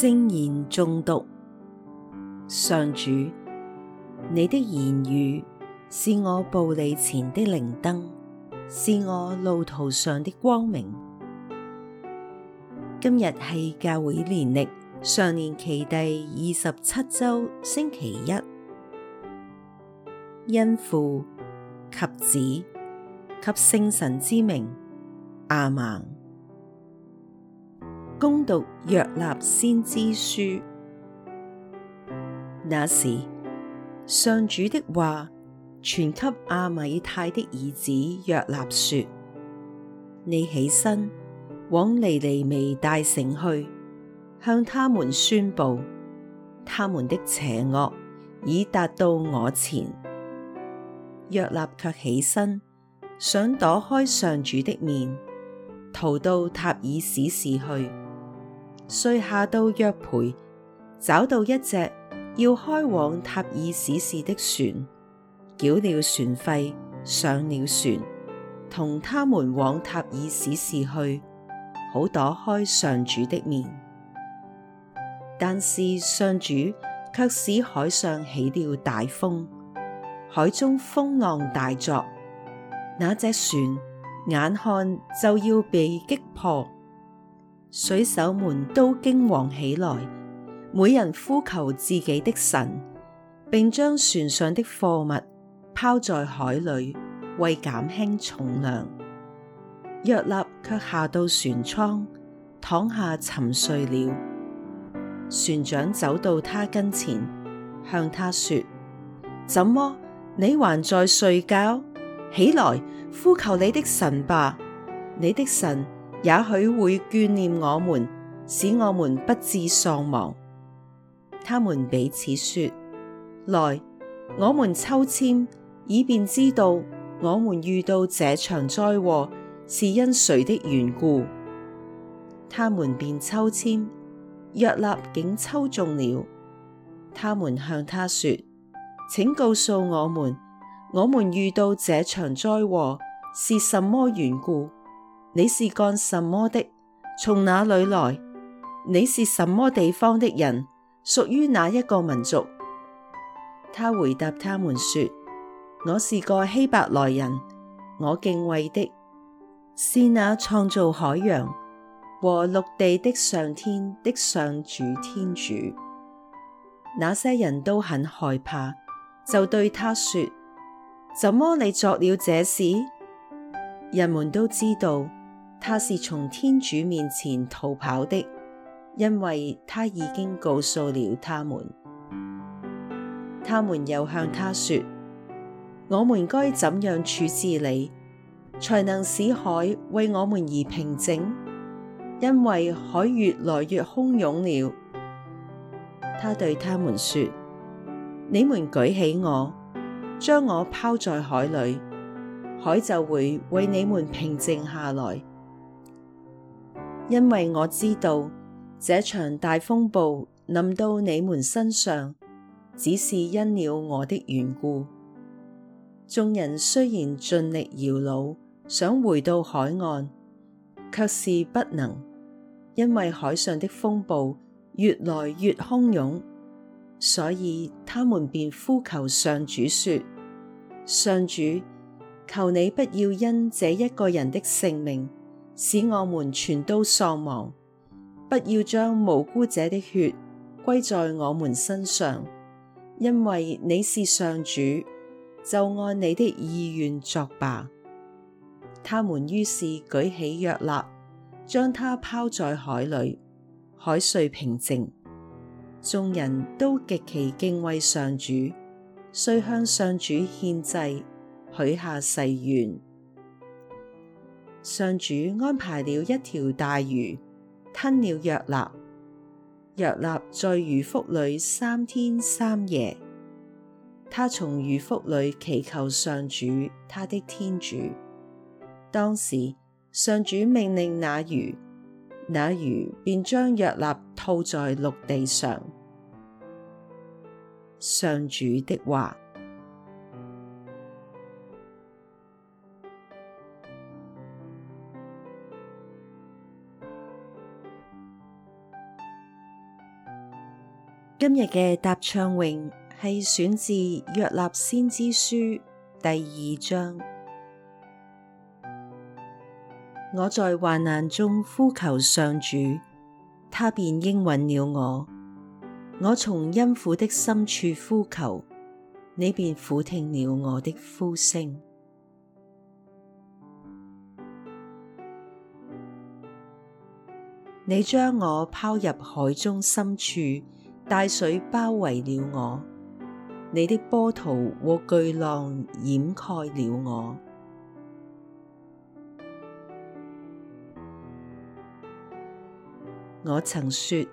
聖言誦讀，上主，你的言語是我步履前的靈燈，是我路途上的光明。今日係教會年曆常年期第二十七周星期一，因父及子及聖神之名，阿門。恭讀約納先知書，那時上主的話傳給阿米泰的兒子約納說：你起身往尼尼微大城去，向他們宣布，他們的邪惡已達到我前。約納却起身，想躲開上主的面，逃到塔爾史士去。遂下到約培，找到一隻要開往塔爾史士的船，繳了船費，上了船，同他們往塔爾史士去，好躲開上主的面。但是上主卻使海上起了大風，海中風浪大作，那隻船眼看就要被擊破。水手們都驚惶起來，每人呼求自己的神，並將船上的貨物拋在海裏，為減輕重量。約納卻下到船艙，躺下沉睡了。船長走到他跟前，向他說：「怎麼，你還在睡覺？起來，呼求你的神吧，你的神，也許會眷念我們，使我們不致喪亡。他們彼此說：來，我們抽簽，以便知道我們遇到這場災禍是因誰的緣故。他們便抽簽，約納竟抽中了。他們向他說：請告訴我們，我們遇到這場災禍是什麼緣故？你是幹什麼的？從哪裏來？你是什麼地方的人？屬於哪一個民族？他回答他們說：我是個希伯來人，我敬畏的是那創造海洋和陸地的上天的上主天主。那些人都很害怕，就對他說：怎麼你作了這事？人們都知道。他是從天主面前逃跑的，因為他已經告訴了他們。他們又向他說：我們該怎樣處置你，才能使海為我們而平靜？因為海越來越洶湧了。他對他們說：你們舉起我，將我拋在海裏，海就會為你們平靜下來。因為我知道，這場大風暴臨到你們身上，只是因了我的緣故。眾人雖然盡力搖櫓，想回到海岸，却是不能，因為海上的風暴越來越洶湧，所以他們便呼求上主說：「上主！求你不要因這一個人的性命，使我們全都喪亡，不要將無辜者的血歸在我們身上，因為你是上主，就按你的意願作吧。他們於是舉起約納，將他拋在海裏，海遂平靜。眾人都極其敬畏上主，遂向上主獻祭，許下誓願。上主安排了一條大魚，吞了約納，約納在魚腹裏三天三夜，他從魚腹裏祈求上主，他的天主。當時，上主命令那魚，那魚便將約納吐在陸地上。上主的話。今日嘅答唱詠係選自《約納先知書》第二章。我在患難中呼求上主，他便應允了我。我從陰府的深處呼求，你便俯聽了我的呼聲。你將我拋入海中深處。大水包圍了我，你的波濤和巨浪掩蓋了我。我曾說，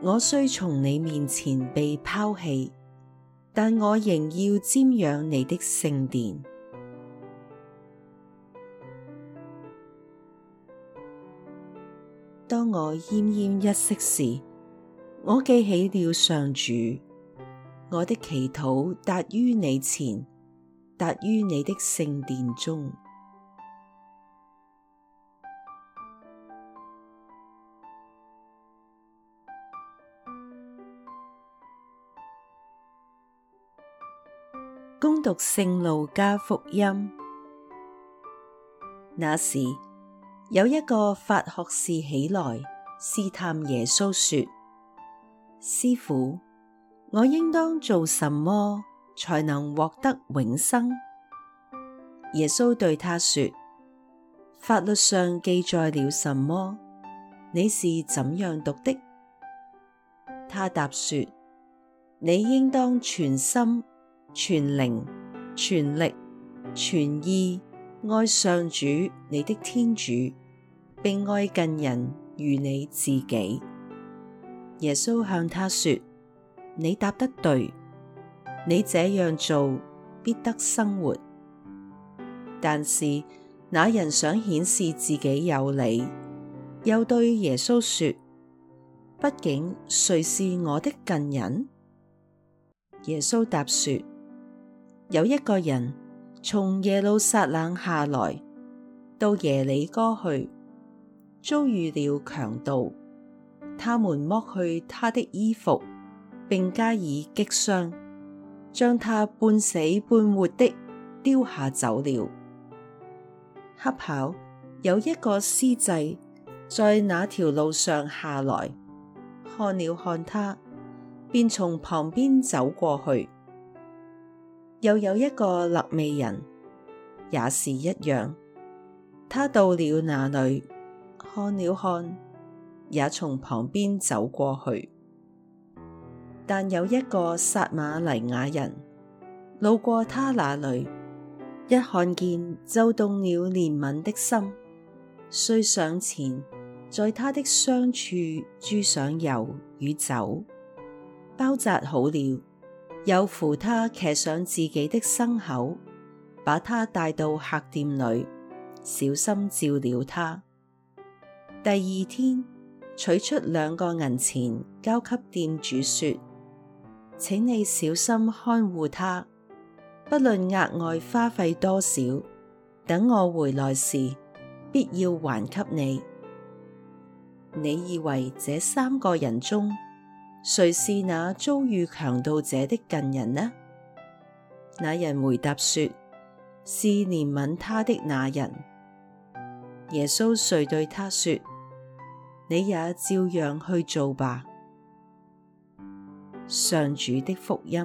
我雖從你面前被拋棄，但我仍要瞻仰你的聖殿。當我奄奄一息時，我記起了上主，我的祈禱達於你前，達於你的聖殿中。恭讀聖路加福音，那時有一個法學士起來試探耶穌說。師傅，我應當做什麼才能獲得永生？耶穌對他說：法律上記載了什麼？你是怎樣讀的？他答說：你應當全心、全靈、全力、全意愛上主，你的天主，並愛近人如你自己。耶穌向他說：你答得對，你這樣做必得生活。但是那人想顯示自己有理，又對耶穌說：畢竟誰是我的近人？耶穌答說：有一個人從耶路撒冷下來，到耶里哥去，遭遇了強盜。他們剝去他的衣服，並加以擊傷，將他半死半活的丟下走了。恰巧有一個司祭在那條路上下來，看了看他，便從旁邊走過去。又有一個肋未人也是一樣，他到了那裏，看了看。也從旁邊走過去，但有一個撒瑪黎雅人路過他那裏，一看見就動了憐憫的心，遂上前在他的傷處注上油與酒，包紮好了，又扶他騎上自己的牲口，把他帶到客店裏，小心照料他。第二天。取出兩個銀錢，交給店主說：請你小心看護他，不論額外花費多少，等我回來時，必要還給你。你以為這三個人中，誰是那遭遇強盜者的近人呢？那人回答說：是憐憫他的那人。耶穌遂對他說：你也照樣去做吧，上主的福音。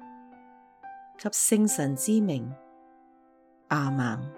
及聖神之名，阿們。